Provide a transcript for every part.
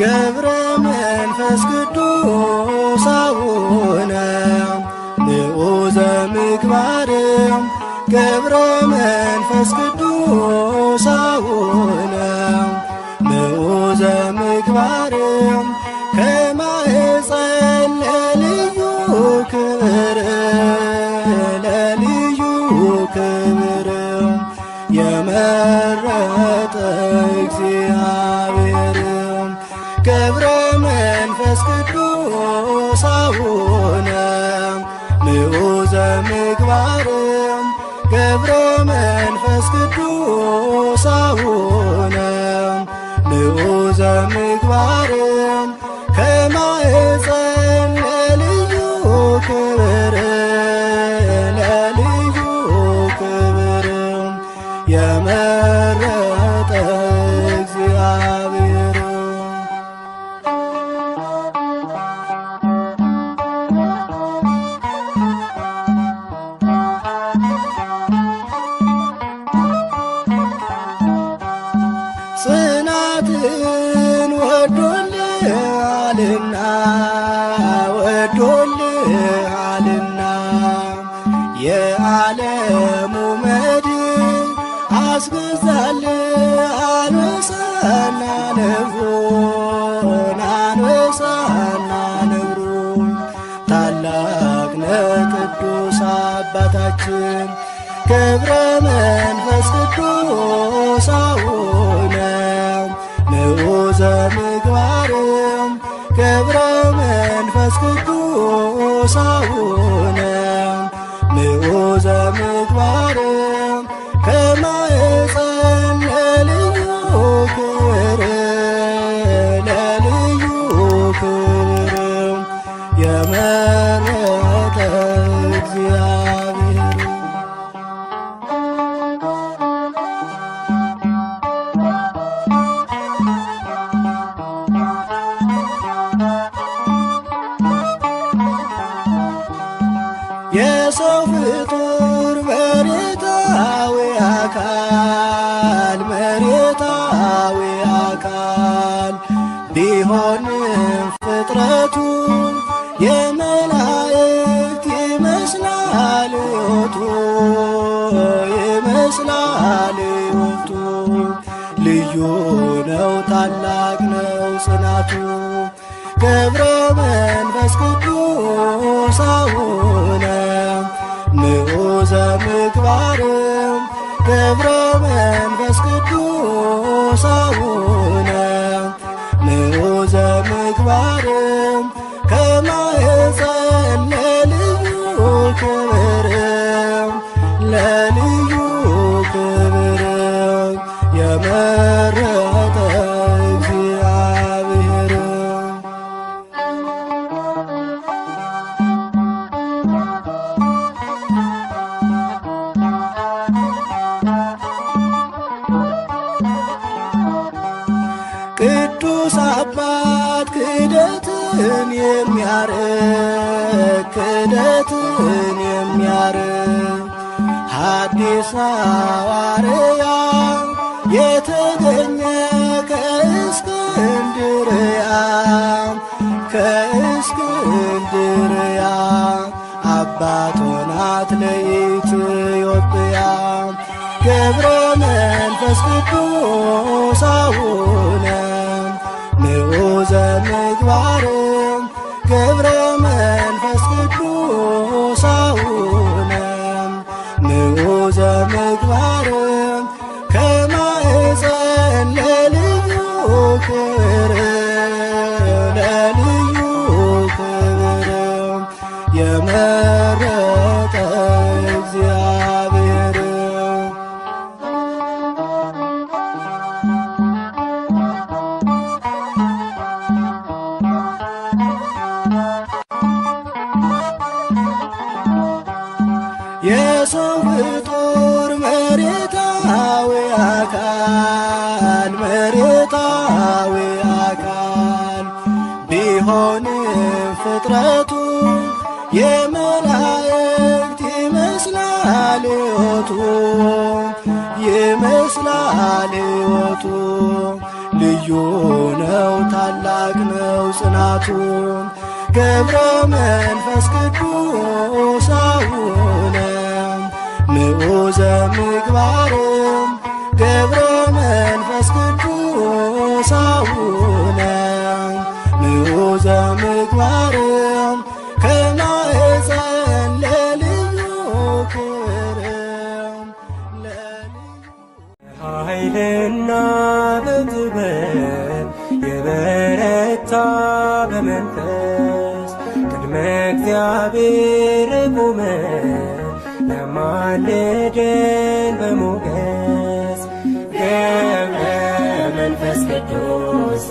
ገብረ መንፈስ ቅዱስ አቡነ ንዑዘ ምግባር ገብረ መንፈስ ቅዱስ አቡነ ንዑዘ ምግባር ከማህፀን ለልዩ ክብር ለልዩ ክብር የመ ይብራ መንፈስ ቅዱስ አቡነ ልዩ ነው ታላቅ ነው ጽናቱ ገብረ ጋር ሐዲስ ሐዋርያ የተገኘ ከእስክንድርያ ከእስክንድርያ አባቶናት ለኢትዮጵያ ገብረ መንፈስ ቅዱስ አቡነ ንዑዘ ምግባር ሰው ፍጡር መሬታዊ አካል መሬታዊ አካል ቢሆንም ፍጥረቱ የመላእክት ይመስላል ሕይወቱ ይመስላል ሕይወቱ ልዩ ነው ታላቅ ነው ጽናቱ ገብረ መንፈስ ቅዱስ ዘምግባርም ገብረ መንፈስ ቅዱስ አቡነ ንዑ ዘምግባርም ከማሕፀን ለልዩ ክብርም ኃይልና በጥበብ የበረታ በመንፈስ ቅድመ እግዚአብሔር አዋለደን በሞገስ ገብረ መንፈስ ቅዱስ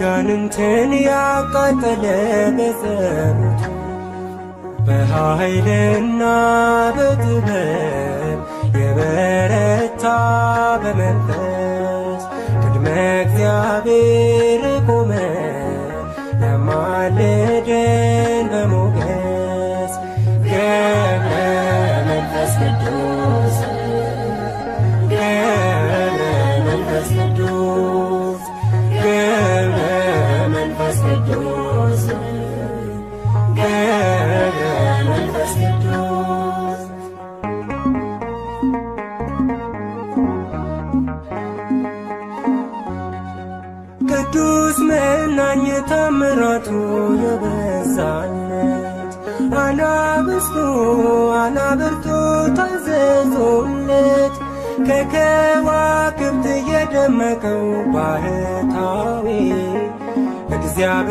አጋንንትን ያቃጠለ በጸሎቱ በኃይልና በጥበብ የበረታ በመንፈስ ቅድመ እግዚአብሔር ቆመ ለማልደን በሞገስ ገብረ መንፈስ ቅዱስ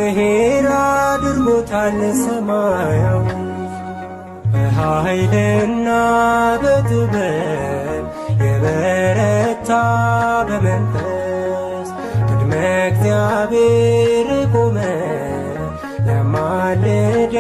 እግዚአብሔር አድርጎታል ሰማያው በኃይልና በጥበብ የበረታ በመንፈስ ቅድመ እግዚአብሔር ቆመ ለማልደ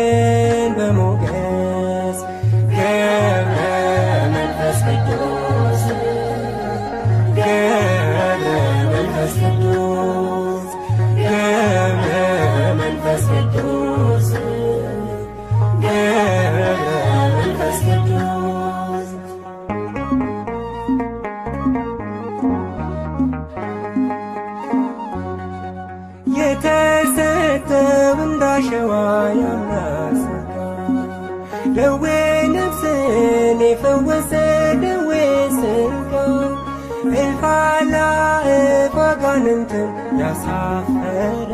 አጋንንትን ያሳፈረ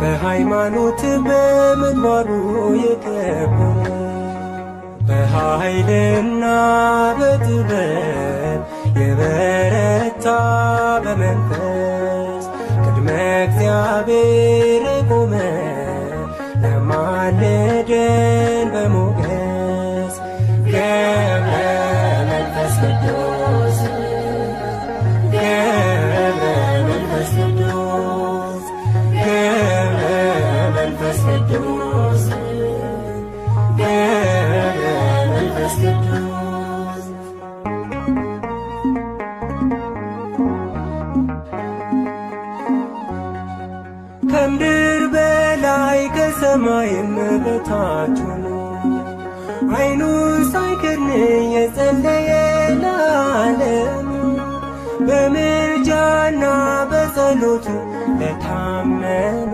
በሃይማኖት በምግባሩ የከበረ በኃይልና በጥበብ የበረታ በመንፈስ ቅድመ እግዚአብሔር አምላካችን አይኑ ሳይከድን የጸለየ ለዓለም በምልጃና በጸሎቱ ለታመኑ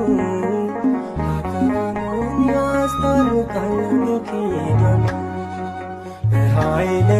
ያስታርቃል ኪዳኑ በኃይለ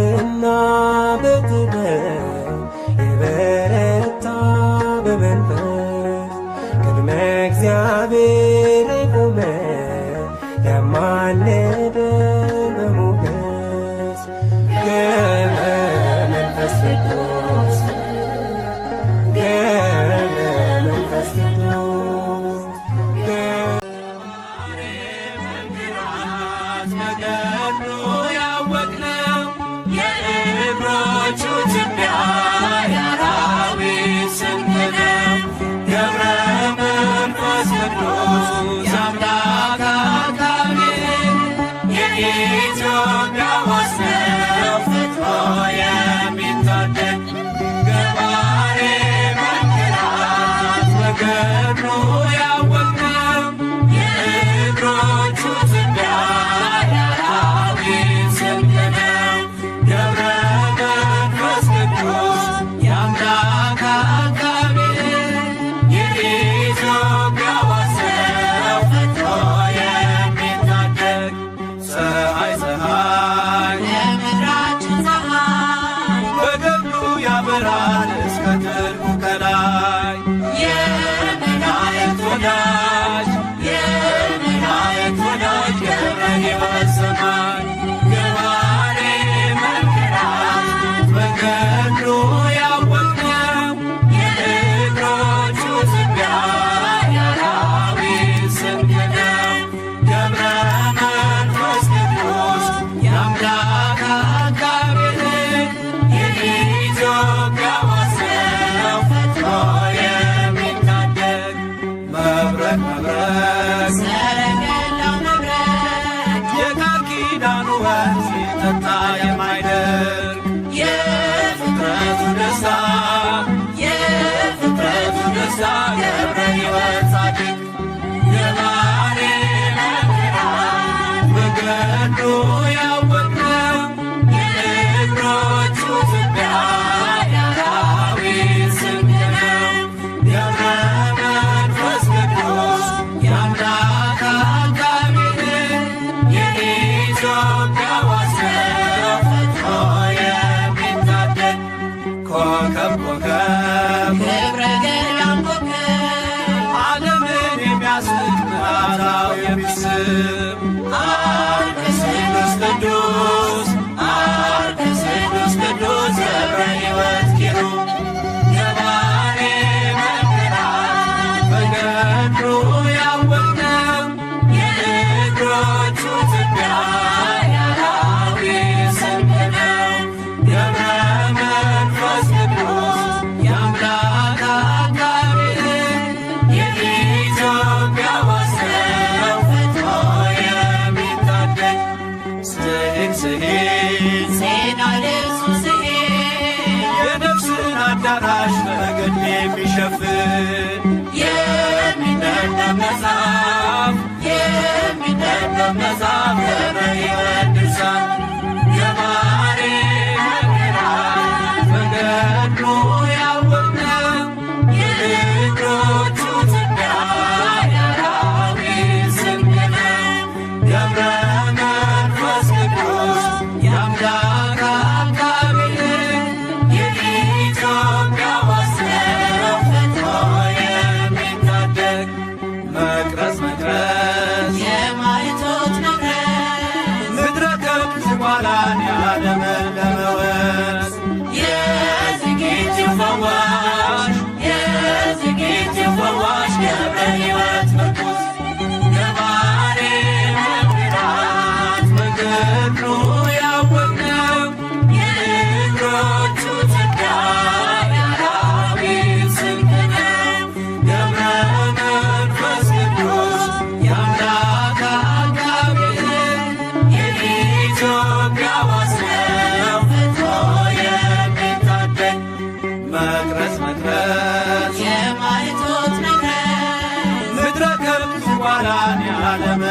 ምህረት የማይቶት ንግረት ምድረ ከብት ጓራን ያለመ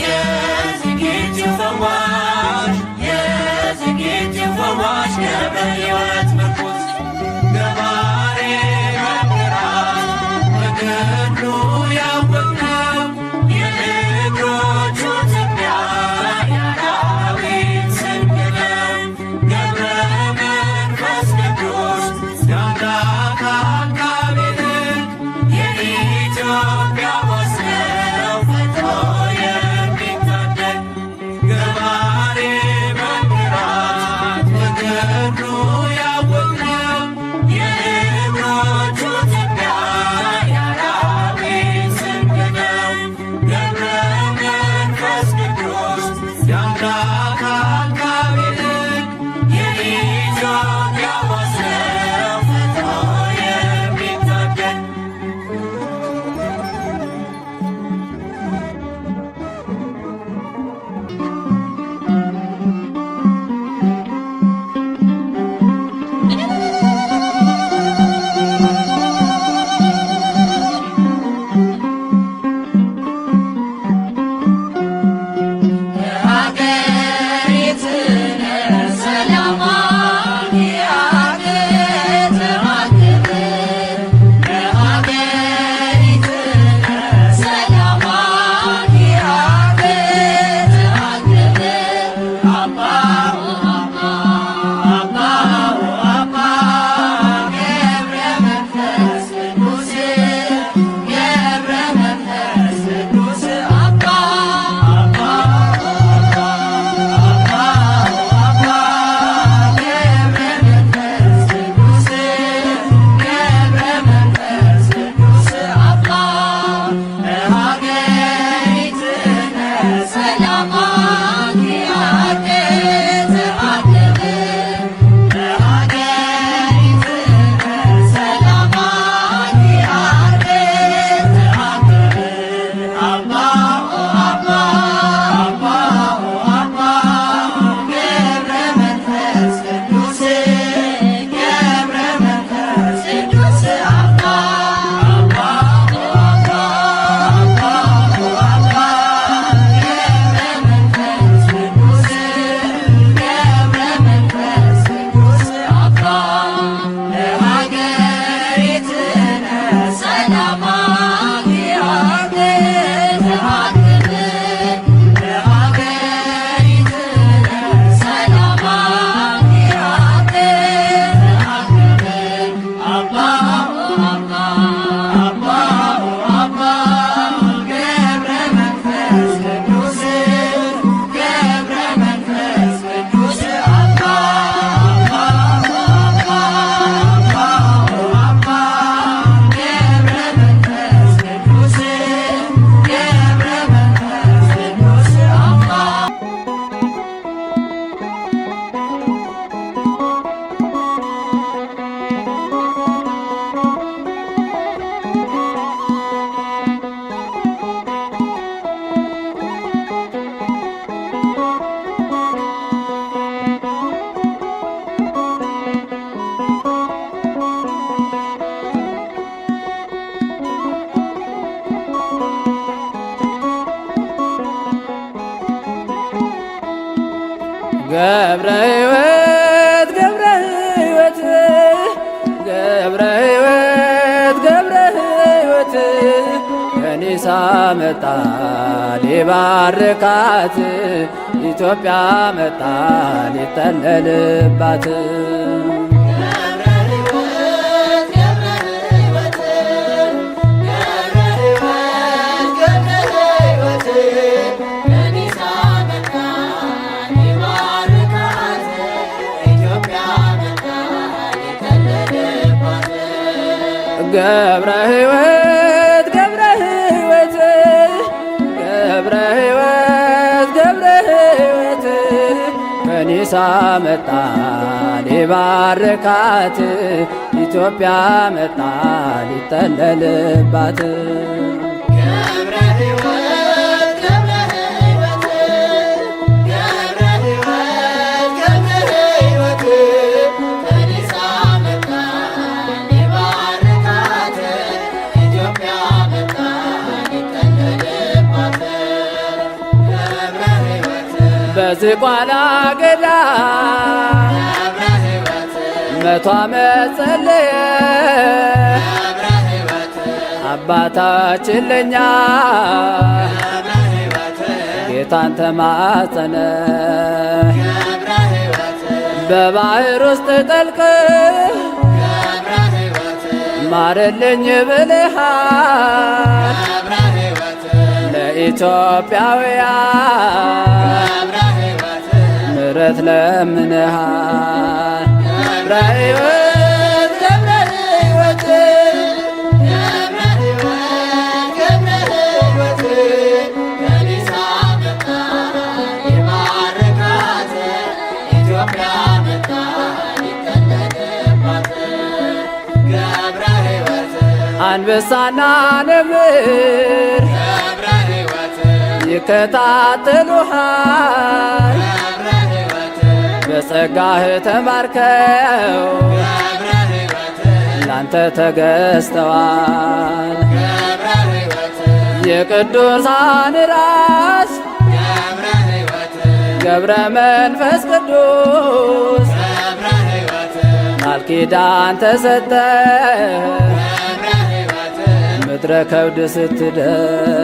የዝግጅ ፈዋሽ የዝግጅ ፈዋሽ ገብረ ሕይወት ገብረ ሕይወት ገብረ ሕይወት ገብረ ሕይወት ገብረ ሕይወት ከኒሳ መጣ ሊባርካት ኢትዮጵያ መጣ ሊጠለልባት ገብረ ሕይወት ገብረ ሕይወት ገብረ ሕይወት ገብረ ሕይወት ከኒሳ መጣ ሊባርካት ኢትዮጵያ መጣ ሊጠለልባት ጓላ ገዳ መቷ መጸለየ አባታችን ለኛ ጌታን ተማጸነ በባህር ውስጥ ጠልቅ ማርልኝ ብልሃል ለኢትዮጵያውያን ምሕረት ለምነሃል ሕይወት ሕይወት አንበሳና ነብር ይከታተሉሃል በጸጋህ ተባርከው ላንተ ተገዝተዋል የቅዱሳን ራስ ገብረ መንፈስ ቅዱስ ቃልኪዳን ተሰጠ ምድረ ከብድ ስትደር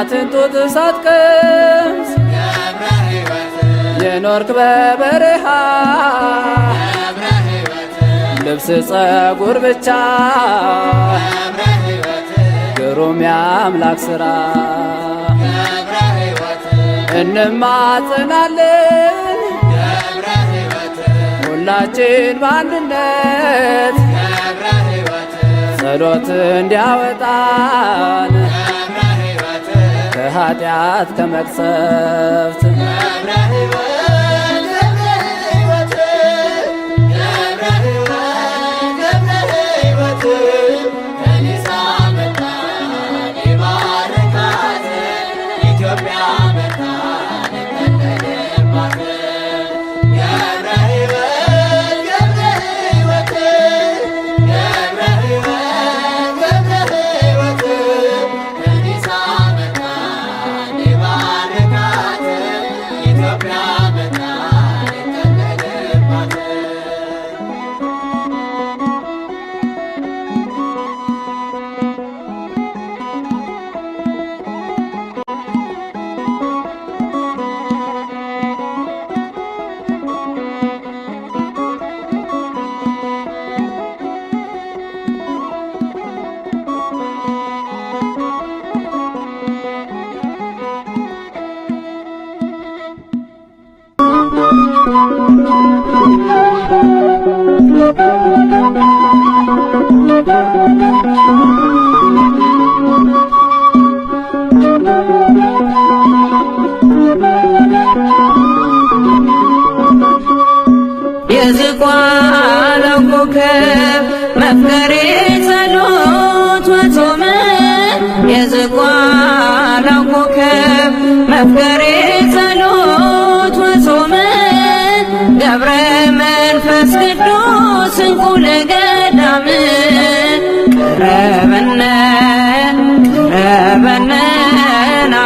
የእናትን ጡት ሳትቀምስ የኖርክ በበረሃ ልብስ ጸጉር ብቻ ግሩም የአምላክ ሥራ እንማጽናለን ሁላችን በአንድነት ጸሎት እንዲያወጣን ከኃጢአት ከመቅሰፍት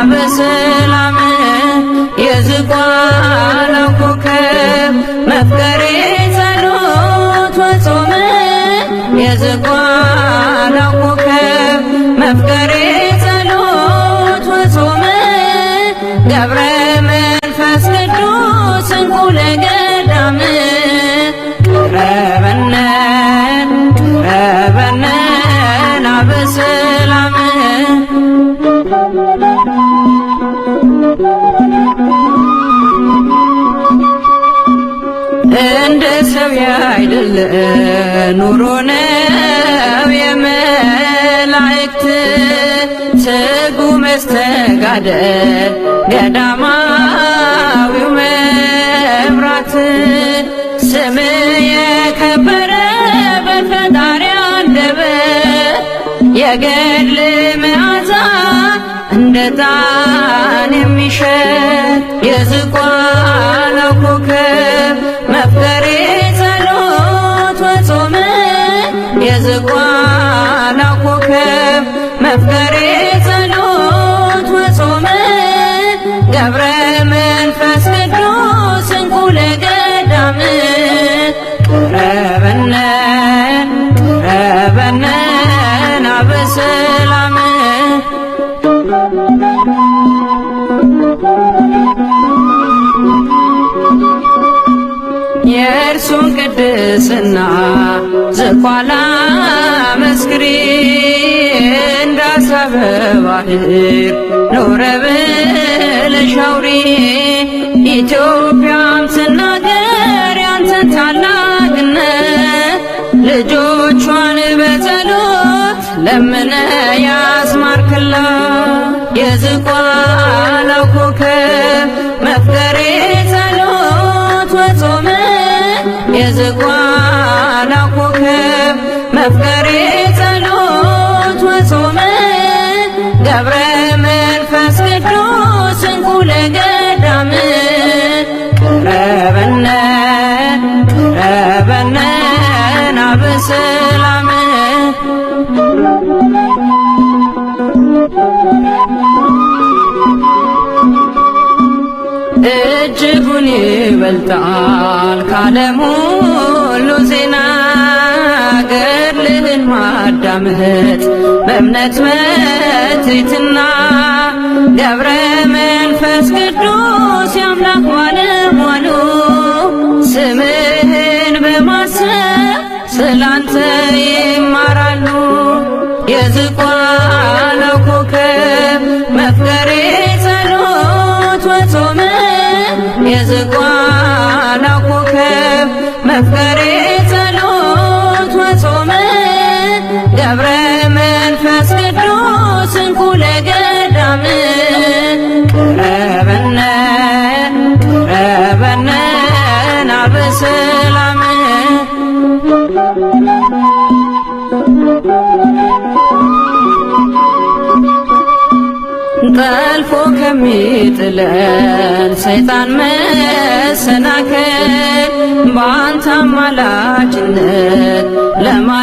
my business. ኑሮ ነው የመላእክት ስጉ መስተጋደ ገዳማዊው መብራት ስም የከበረ በፈጣሪ አንደበት የገድል መዓዛ እንደ ጣን የሚሸት የዝቋ ዝቋላ መስክሬን ዳሳበ ባህር ኖረ በለሻውሬ ኢትዮጵያም ስናገር ያንተን ታላቅነት ልጆቿን በጸሎት ለምነ ያስማርክላ በፍቅር ጸሎት ወጾመ ገብረ መንፈስ ቅዱስ እንቁ ለገዳም ቅረበነ ቅረበነ ናብሰላም እጅጉን ይበልጣል ካለሙ ምህት በእምነት መትትና ገብረ መንፈስ ቅዱስ ያምላክ ከሚጥለን ሰይጣን መሰናክል በአንተ አማላጅነት ለማ